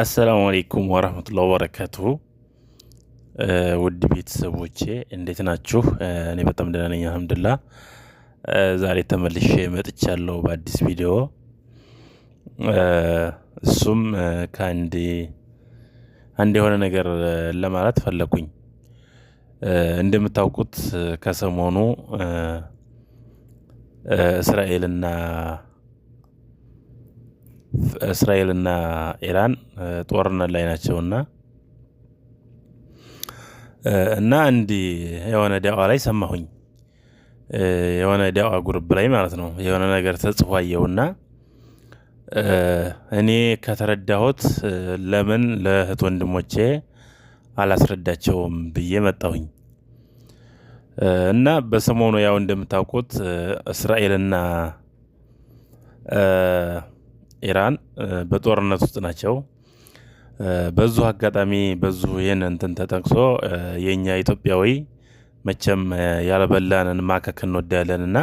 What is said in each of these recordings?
አሰላሙ አሌይኩም ወረህመቱላህ ወበረካቱሁ ውድ ቤተሰቦቼ እንዴት ናችሁ? እኔ በጣም ደህና ነኝ አልሐምዱሊላህ። ዛሬ ተመልሼ መጥቻለሁ በአዲስ ቪዲዮ። እሱም ከአንድ አንድ የሆነ ነገር ለማለት ፈለኩኝ። እንደምታውቁት ከሰሞኑ እስራኤልና እስራኤልና ኢራን ጦርነት ላይ ናቸውና እና አንድ የሆነ ዳዋ ላይ ሰማሁኝ። የሆነ ዳዋ ጉርብ ላይ ማለት ነው የሆነ ነገር ተጽፎ እና እኔ ከተረዳሁት ለምን ለእህት ወንድሞቼ አላስረዳቸውም ብዬ መጣሁኝ። እና በሰሞኑ ያው እንደምታውቁት እስራኤልና ኢራን በጦርነት ውስጥ ናቸው። በዙ አጋጣሚ በዙ ይህን እንትን ተጠቅሶ የእኛ ኢትዮጵያዊ መቼም ያልበላንን ማከክ እንወዳለን እና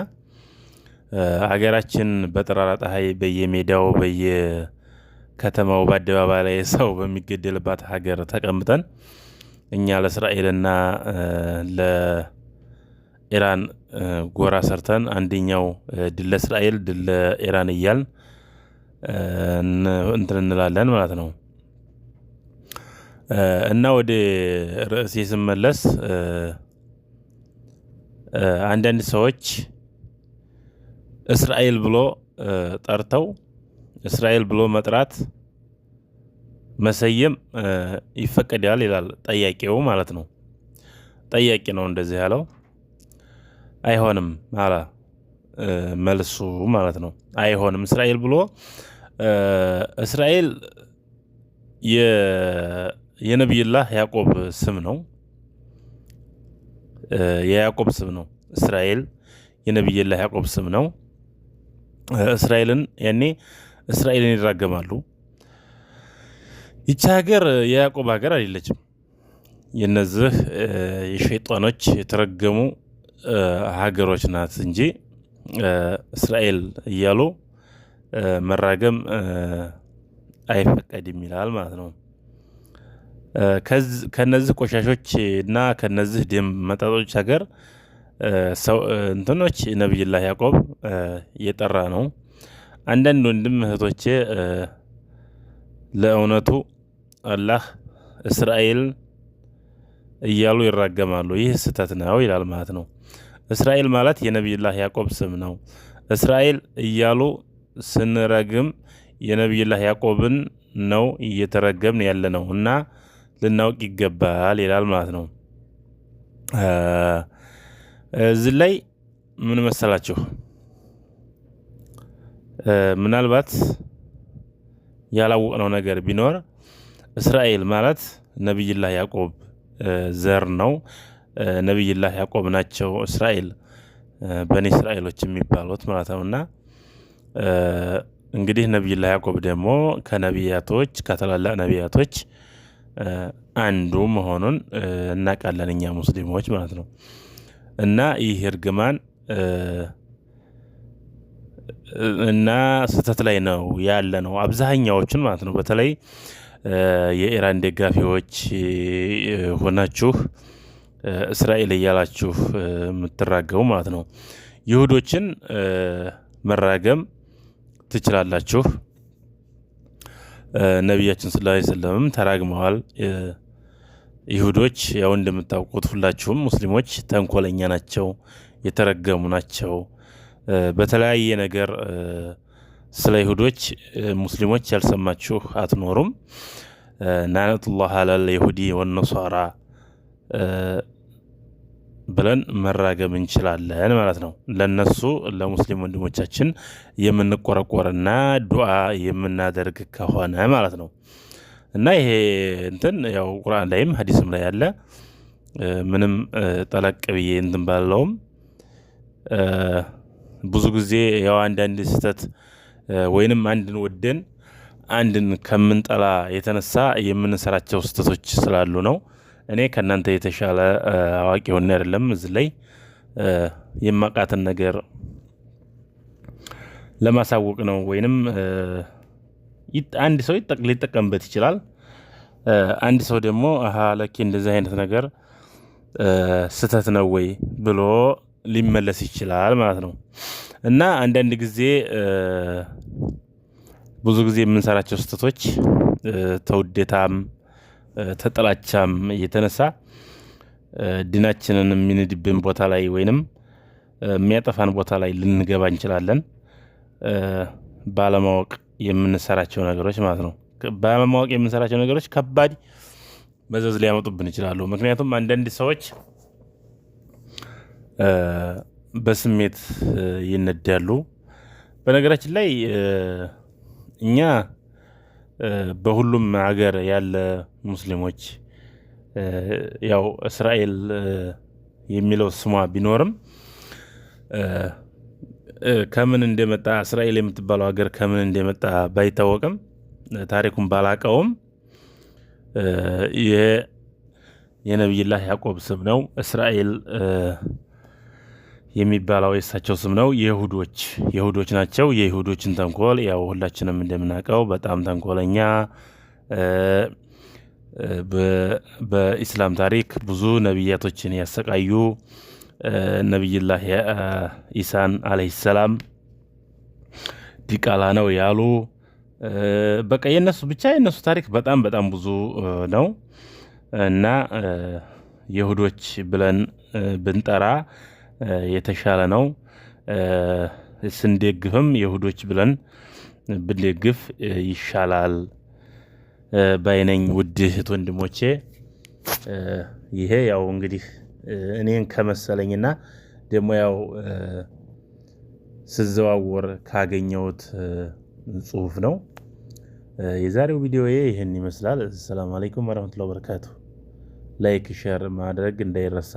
አገራችን በጠራራ ፀሐይ በየሜዳው በየከተማው በአደባባይ ላይ ሰው በሚገደልባት ሀገር ተቀምጠን እኛ ለእስራኤልና ለኢራን ጎራ ሰርተን አንደኛው ድል ለእስራኤል ድል ለኢራን እያልን እንትን እንላለን ማለት ነው። እና ወደ ርዕሴ ስመለስ አንዳንድ ሰዎች እስራኤል ብሎ ጠርተው እስራኤል ብሎ መጥራት መሰየም ይፈቀዳል ይላል ጠያቂው ማለት ነው። ጠያቂ ነው እንደዚህ ያለው። አይሆንም አላ መልሱ ማለት ነው። አይሆንም እስራኤል ብሎ እስራኤል የነቢይላህ ያዕቆብ ስም ነው። የያዕቆብ ስም ነው። እስራኤል የነቢይላህ ያዕቆብ ስም ነው። እስራኤልን ያኔ እስራኤልን ይራገማሉ። ይቺ ሀገር የያዕቆብ ሀገር አይደለችም። የነዚህ የሸይጣኖች የተረገሙ ሀገሮች ናት እንጂ እስራኤል እያሉ መራገም አይፈቀድም ይላል ማለት ነው። ከነዚህ ቆሻሾች እና ከነዚህ ደም መጣጦች ሀገር ሰው እንትኖች ነቢይላህ ያዕቆብ እየጠራ ነው። አንዳንድ ወንድም እህቶቼ ለእውነቱ አላህ እስራኤል እያሉ ይራገማሉ። ይህ ስህተት ነው ይላል ማለት ነው። እስራኤል ማለት የነቢይላህ ያዕቆብ ስም ነው። እስራኤል እያሉ ስንረግም የነቢይላህ ያዕቆብን ነው እየተረገምን ያለ ነው እና ልናውቅ ይገባል ይላል ማለት ነው። እዚህ ላይ ምን መሰላችሁ? ምናልባት ያላወቅነው ነገር ቢኖር እስራኤል ማለት ነቢይላህ ያዕቆብ ዘር ነው። ነቢይላህ ያዕቆብ ናቸው እስራኤል በኒ እስራኤሎች የሚባሉት ማለት ነው እና እንግዲህ ነቢዩላህ ያዕቆብ ደግሞ ከነቢያቶች ከታላላቅ ነቢያቶች አንዱ መሆኑን እናውቃለን እኛ ሙስሊሞች ማለት ነው። እና ይህ እርግማን እና ስህተት ላይ ነው ያለ ነው አብዛኛዎቹን ማለት ነው። በተለይ የኢራን ደጋፊዎች ሆናችሁ እስራኤል እያላችሁ የምትራገቡ ማለት ነው። ይሁዶችን መራገም ትችላላችሁ። ነቢያችን ስላ ሰለምም ተራግመዋል። ይሁዶች ያው እንደምታውቁት ሁላችሁም ሙስሊሞች ተንኮለኛ ናቸው፣ የተረገሙ ናቸው። በተለያየ ነገር ስለ ይሁዶች ሙስሊሞች ያልሰማችሁ አትኖሩም። ናነቱላህ አለል የሁዲ ወነሷራ ብለን መራገም እንችላለን ማለት ነው። ለነሱ ለሙስሊም ወንድሞቻችን የምንቆረቆርና ዱዓ የምናደርግ ከሆነ ማለት ነው። እና ይሄ እንትን ያው ቁርአን ላይም ሀዲስም ላይ ያለ ምንም ጠለቅ ብዬ እንትን ባለውም ብዙ ጊዜ ያው አንዳንድ ስህተት ወይንም አንድን ወደን አንድን ከምንጠላ የተነሳ የምንሰራቸው ስህተቶች ስላሉ ነው። እኔ ከእናንተ የተሻለ አዋቂ ሆኜ አይደለም እዚህ ላይ የማውቃትን ነገር ለማሳወቅ ነው። ወይንም አንድ ሰው ሊጠቀምበት ይችላል። አንድ ሰው ደግሞ አሀ እንደዚህ አይነት ነገር ስህተት ነው ወይ ብሎ ሊመለስ ይችላል ማለት ነው። እና አንዳንድ ጊዜ ብዙ ጊዜ የምንሰራቸው ስህተቶች ተውዴታም ተጠላቻም የተነሳ ድናችንን የሚንድብን ቦታ ላይ ወይንም የሚያጠፋን ቦታ ላይ ልንገባ እንችላለን። ባለማወቅ የምንሰራቸው ነገሮች ማለት ነው። ባለማወቅ የምንሰራቸው ነገሮች ከባድ መዘዝ ሊያመጡብን ይችላሉ። ምክንያቱም አንዳንድ ሰዎች በስሜት ይነዳሉ። በነገራችን ላይ እኛ በሁሉም ሀገር ያለ ሙስሊሞች ያው እስራኤል የሚለው ስሟ ቢኖርም ከምን እንደመጣ እስራኤል የምትባለው ሀገር ከምን እንደመጣ ባይታወቅም ታሪኩን ባላቀውም ይሄ የነቢይላህ ያዕቆብ ስም ነው። እስራኤል የሚባለው የእሳቸው ስም ነው። የይሁዶች የይሁዶች ናቸው። የይሁዶችን ተንኮል ያው ሁላችንም እንደምናውቀው በጣም ተንኮለኛ በኢስላም ታሪክ ብዙ ነቢያቶችን ያሰቃዩ ነቢይላህ ኢሳን አለይሂ ሰላም ዲቃላ ነው ያሉ በቃ የነሱ ብቻ የነሱ ታሪክ በጣም በጣም ብዙ ነው እና የይሁዶች ብለን ብንጠራ የተሻለ ነው። ስንደግፍም የሁዶች ብለን ብንደግፍ ይሻላል ባይነኝ። ውድ እህት ወንድሞቼ፣ ይሄ ያው እንግዲህ እኔን ከመሰለኝና ደግሞ ያው ስዘዋወር ካገኘሁት ጽሁፍ ነው። የዛሬው ቪዲዮ ይህን ይመስላል። ሰላም አለይኩም ወረህመቱላሂ ወበረካቱ። ላይክ ሸር ማድረግ እንዳይረሳ።